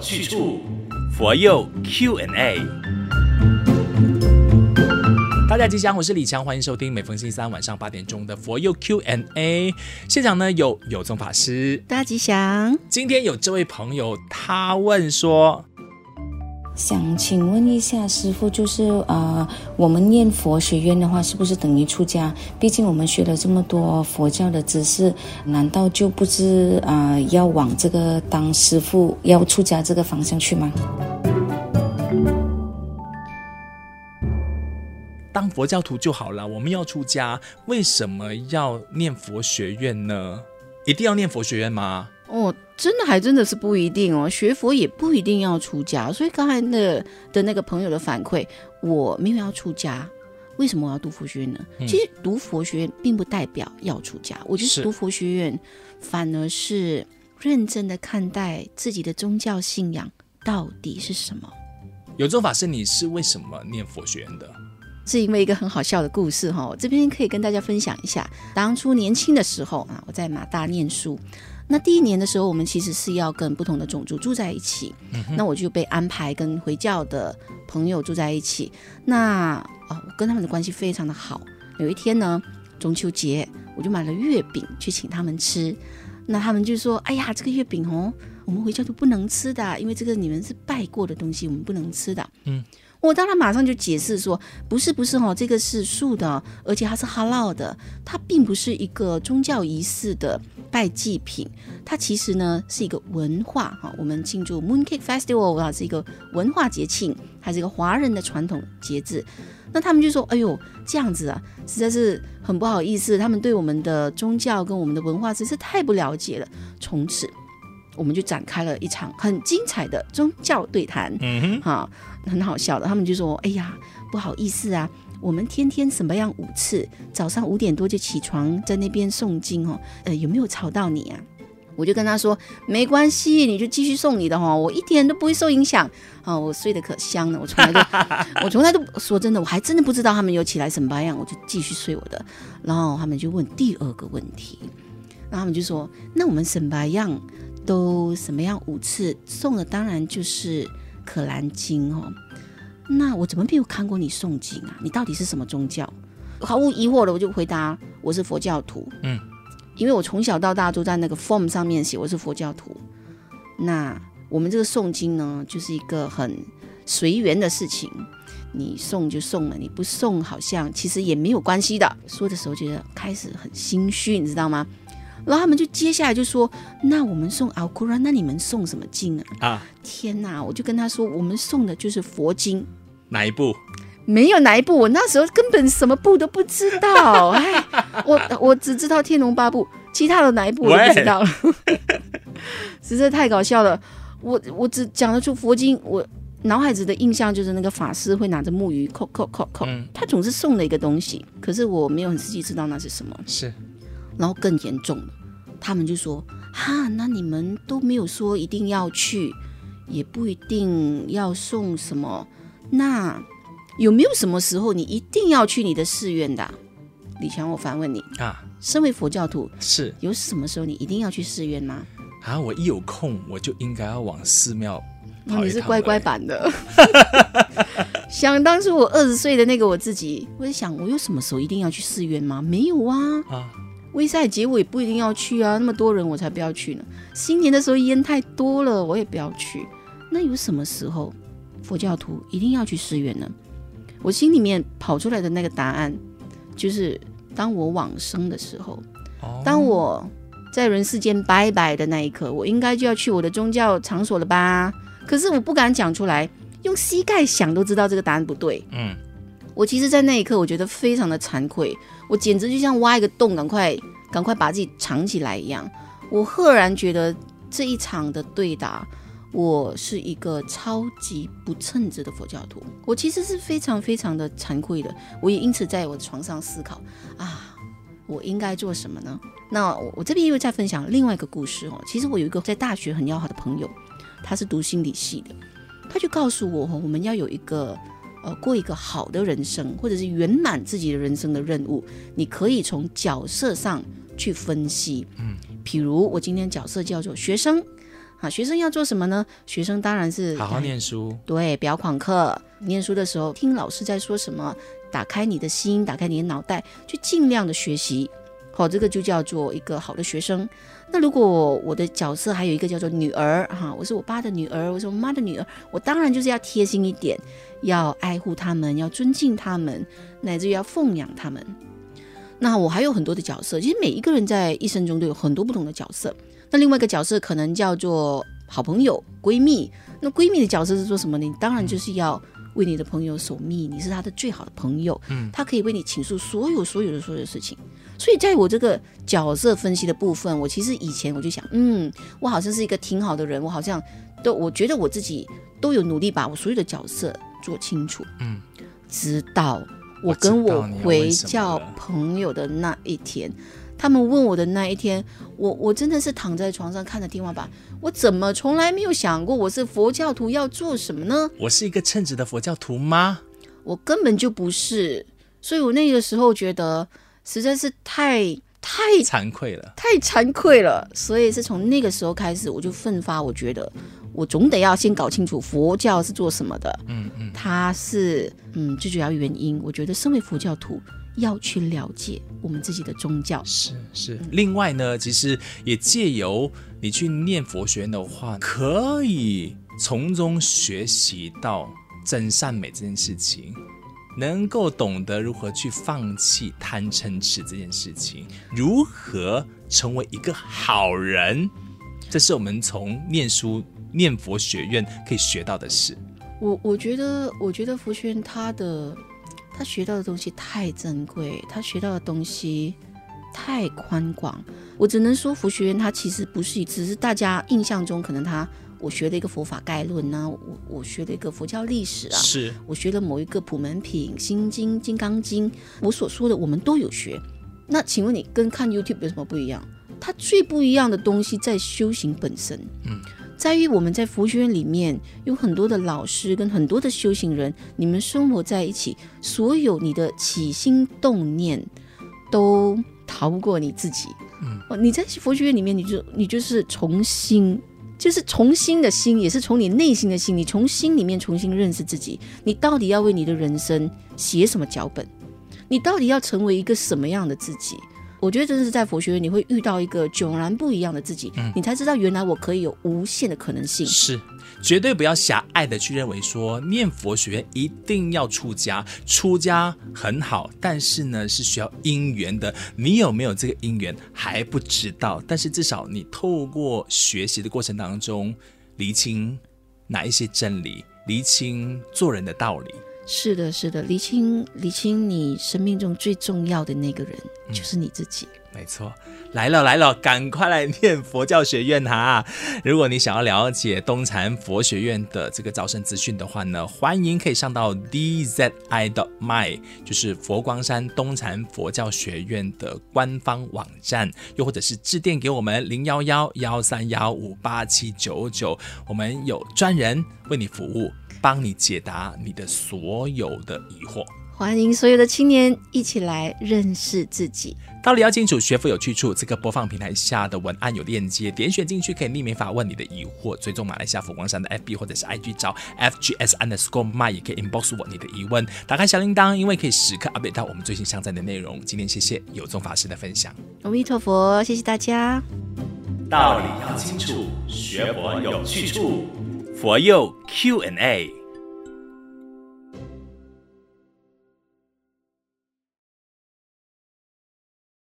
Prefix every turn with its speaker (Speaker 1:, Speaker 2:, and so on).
Speaker 1: 去處。佛佑 Q&A，大家吉祥，我是理強，歡迎收聽每逢星期三晚上八點鐘的佛佑 Q&A。現場呢，有有宗法師，大家吉祥。今天有這位朋友，他問說。
Speaker 2: 想請問一下師父，就是呃，我們念佛學院的話，是不是等於出家？畢竟我們學了這麼多佛教的知識，難道就不是啊、呃、要往這個當師父、要出家這個方向去嗎？
Speaker 1: 當佛教徒就好了。我們要出家，為什麼要念佛學院呢？一定要念佛學院嗎？
Speaker 2: 哦。真的還真的是不一定哦，學佛也不一定要出家。所以剛才那的那個朋友的反饋，我沒有要出家，為什麼我要讀佛學院呢？嗯、其實讀佛學院並不代表要出家，我就是讀佛學院，反而是認真的看待自己的宗教信仰到底是什麼。
Speaker 1: 有宗法師，你是為什麼念佛學院的？
Speaker 2: 是因為一個很好笑的故事哈，這邊可以跟大家分享一下。當初年輕的時候啊，我在馬大念書。那第一年的時候，我們其實是要跟不同的種族住在一起。嗯、哼那我就被安排跟回教的朋友住在一起。那哦，我跟他們的關係非常的好。有一天呢，中秋節，我就買了月餅去請他們吃。那他們就說：“哎呀，這個月餅哦，我們回教都不能吃的，因為這個你們是拜過的東西，我們不能吃的。”嗯。我當然馬上就解釋說，不是不是哈、哦，這個是樹的，而且它是哈嘍的，它並不是一個宗教儀式的拜祭品，它其實呢是一個文化哈，我們慶祝 Mooncake Festival 啊，是一個文化節慶，還是一個華人的傳統節日。那他們就說，哎呦，這樣子啊，實在是很不好意思，他們對我們的宗教跟我們的文化真是太不了解了。從此，我們就展開了一場很精彩的宗教對談，嗯哼，哈，很好笑的。他們就說：“哎呀，不好意思啊，我們天天什麼樣五次，早上五點多就起床在那邊誦經哦，呃，有沒有吵到你啊？”我就跟他說：“沒關係，你就繼續誦你的哈，我一點都不會受影響啊，哦，我睡得可香了，我從來都， 我從來都，說真的，我還真的不知道他們有起來什麼樣，我就繼續睡我的。然後他們就問第二個問題，然後他們就說：“那我們什麼樣？”都什麼樣？五次送的當然就是《可蘭經》哦。那我怎麼沒有看過你誦經啊？你到底是什麼宗教？毫無疑惑的，我就回答，我是佛教徒。嗯，因為我從小到大都在那個 form 上面寫我是佛教徒。那我們這個誦經呢，就是一個很隨緣的事情。你送就送了，你不送好像其實也沒有關係的。說的時候覺得開始很心虛，你知道嗎？然後他們就接下來就說：“那我們送《阿古蘭》，那你們送什麼經啊？”啊！天哪！我就跟他說：“我們送的就是佛經。”哪一部？沒有哪一部，我那時候根本什麼部都不知道。哎， 我我只知道《天龍八部》，其他的哪一部我也不知道了。喂 實在太搞笑了。我我只講得出佛經，我腦海裡的印象就是那個法師會拿着木魚，叩叩叩叩、嗯、他總是送了一個東西，可是我沒有很仔細知道那是什麼。是。然後更嚴重了，他們就說：“哈，那你們都沒有說一定要去，也不一定要送什麼，那有沒有什麼時候你一定要去你的寺院的、啊？”理強，我反問你啊，身為佛教徒是，有什麼時候你一定要去寺院嗎？
Speaker 1: 啊，我一有空我就應該要往寺廟、
Speaker 2: 啊。你是乖乖版的， 想當初我二十歲的那個我自己，我在想，我有什麼時候一定要去寺院嗎？沒有啊啊。衛塞節我也不一定要去啊，那麼多人我才不要去呢。新年的時候煙太多了，我也不要去。那有什麼時候佛教徒一定要去寺院呢？我心裡面跑出來的那個答案，就是當我往生的時候，當我在人世間拜拜的那一刻，我應該就要去我的宗教場所了吧？可是我不敢講出來，用膝蓋想都知道這個答案不對。嗯。我其實，在那一刻，我覺得非常的慚愧，我簡直就像挖一個洞，趕快趕快把自己藏起來一樣。我赫然覺得這一場的對答，我是一個超級不稱職的佛教徒。我其實是非常非常的慚愧的，我也因此在我的床上思考啊，我應該做什麼呢？那我，我這邊又在分享另外一個故事哦。其實我有一個在大學很要好的朋友，他是讀心理系的，他就告訴我哦，我們要有一個。呃，過一個好的人生，或者是圓滿自己的人生的任務，你可以從角色上去分析。嗯，譬如我今天角色叫做學生，啊，學生要做什麼呢？學生當然是好好
Speaker 1: 念書，
Speaker 2: 對，不要曠課。念書的時候聽老師在說什麼，打開你的心，打開你的腦袋，去盡量的學習。好，這個就叫做一個好的學生。那如果我的角色還有一個叫做女兒哈，啊，我是我爸的女兒，我是我媽的女兒，我當然就是要貼心一點，要愛護他們，要尊敬他們，乃至於要奉養他們。那我還有很多的角色，其實每一個人在一生中都有很多不同的角色。那另外一個角色可能叫做好朋友、閨蜜。那閨蜜的角色是做什麼呢？當然就是要為你的朋友守密，你是他的最好的朋友，嗯，他可以為你傾訴所有所有的所有事情。所以，在我這個角色分析的部分，我其實以前我就想，嗯，我好像是一個挺好的人，我好像都，我覺得我自己都有努力把我所有的角色做清楚，嗯，直到我跟我回教朋友的那一天。他們問我的那一天，我我真的是躺在床上看着天花板。我怎麼從來沒有想過我是佛教徒要做什麼呢？我是一個稱職的佛教徒嗎？我根本就不是。所以我那個時候覺得實在是太太慚愧了，太慚愧了。所以是從那個時候開始，我就奮發。我覺得我總得要先搞清楚佛教是做什麼的。
Speaker 1: 嗯嗯，嗯，
Speaker 2: 他是嗯，最主要原因。我覺得身為佛教徒。要去了解我們自己的宗教，是
Speaker 1: 是。另外呢，其實也借由你去念佛學院的話，可以從中學習到真善美這件事情，能夠懂得如何去放棄貪嗔痴這件事情，如何成為一個好人，這是我們從念書、念佛學院可以學到的事。
Speaker 2: 我我覺得，我覺得佛學院它的。他學到的東西太珍貴，他學到的東西太寬廣，我只能說佛學院他其實不是，只是大家印象中可能他我學了一個佛法概論啊，我我學了一個佛教歷史啊，是我學了某一個普門品、心經、金剛經，我所說的我們都有學，那請問你跟看 YouTube 有什麼不一樣？它最不一樣的東西在修行本身，嗯。在於我們在佛學院裡面有很多的老師跟很多的修行人，你們生活在一起，所有你的起心動念都逃不過你自己。哦、嗯，你在佛學院裡面，你就你就是重新，就是重新的心，也是從你內心的心，你從心裡面重新認識自己，你到底要為你的人生寫什麼腳本？你到底要成為一個什麼樣的自己？我覺得真的是在佛學院，你會遇到一個迥然不一樣的自己，嗯，你才知道原來我可以有無限的可能性。
Speaker 1: 是，絕對不要狹隘地去認為說，念佛學院一定要出家。出家很好，但是呢是需要因緣的，你有沒有這個因緣還不知道。但是至少你透過學習的過程當中，釐清哪一些真理，釐清做人的道理。
Speaker 2: 是的，是的，理清理清你生命中最重要的那個人，嗯，就是你自己。
Speaker 1: 沒錯，來了來了，趕快來念佛教學院哈！如果你想要了解東禪佛學院的這個招生資訊的話呢，歡迎可以上到 dzi.my，就是佛光山東禪佛教學院的官方網站，又或者是致電給我們零幺幺幺三幺五八七九九，99，我們有專人為你服務。幫你解答你的所有的疑惑，
Speaker 2: 歡迎所有的青年一起來認
Speaker 1: 識自己。道理要清楚，學佛有去處。這個播放平台下的文案有鏈接，點選進去可以匿名發問你的疑惑。追蹤馬來西亞佛光山的 FB 或者是 IG，找 fgs underscore my 也可以 inbox 我的你的疑問。打開小鈴鐺，因為可以時刻 update 到我們最新上載的內容。今天謝謝有宗法師的分享。
Speaker 2: 阿彌陀佛，謝謝大家。
Speaker 1: 道理要清楚，學佛有去處。佛佑 Q&A。A